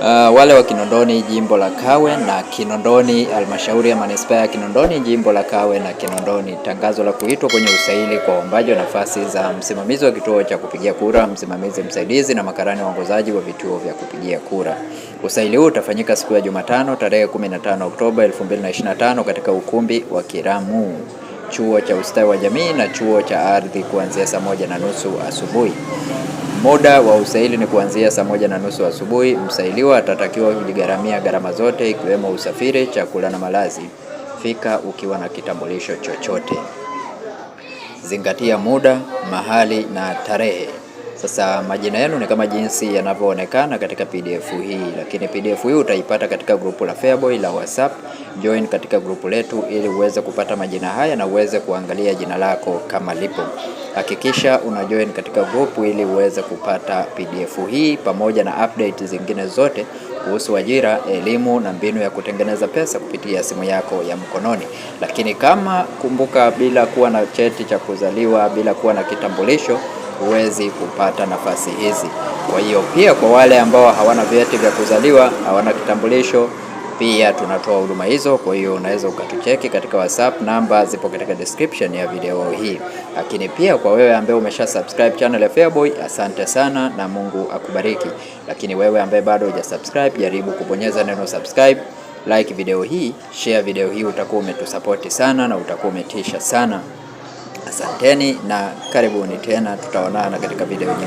Uh, wale wa Kinondoni jimbo la Kawe na Kinondoni halmashauri ya manispaa ya Kinondoni jimbo la Kawe na Kinondoni, tangazo la kuitwa kwenye usaili kwa waombaji wa nafasi za msimamizi wa kituo cha kupigia kura, msimamizi msaidizi na makarani waongozaji wa vituo vya kupigia kura. Usaili huu utafanyika siku ya Jumatano tarehe 15 Oktoba 2025 katika ukumbi wa Kiramu, chuo cha ustawi wa jamii na chuo cha ardhi kuanzia saa moja na nusu asubuhi. Muda wa usaili ni kuanzia saa moja na nusu asubuhi. Msailiwa atatakiwa kujigharamia gharama zote ikiwemo usafiri, chakula na malazi. Fika ukiwa na kitambulisho chochote. Zingatia muda, mahali na tarehe. Sasa majina yenu ni kama jinsi yanavyoonekana katika PDF hii, lakini PDF hii utaipata katika grupu la Feaboy la WhatsApp. Join katika grupu letu ili uweze kupata majina haya na uweze kuangalia jina lako kama lipo hakikisha una join katika group ili uweze kupata PDF hii pamoja na update zingine zote kuhusu ajira, elimu na mbinu ya kutengeneza pesa kupitia simu yako ya mkononi. Lakini kama kumbuka, bila kuwa na cheti cha kuzaliwa, bila kuwa na kitambulisho huwezi kupata nafasi hizi. Kwa hiyo pia kwa wale ambao hawana vyeti vya kuzaliwa, hawana kitambulisho pia tunatoa huduma hizo. Kwa hiyo unaweza ukatucheki katika WhatsApp, namba zipo katika description ya video hii. Lakini pia kwa wewe ambaye umesha subscribe channel ya Feaboy, asante sana na Mungu akubariki. Lakini wewe ambaye bado huja subscribe, jaribu kubonyeza neno subscribe, like video hii, share video hii, utakuwa umetusapoti sana na utakuwa umetisha sana. Asanteni na karibuni tena, tutaonana katika video nyingine.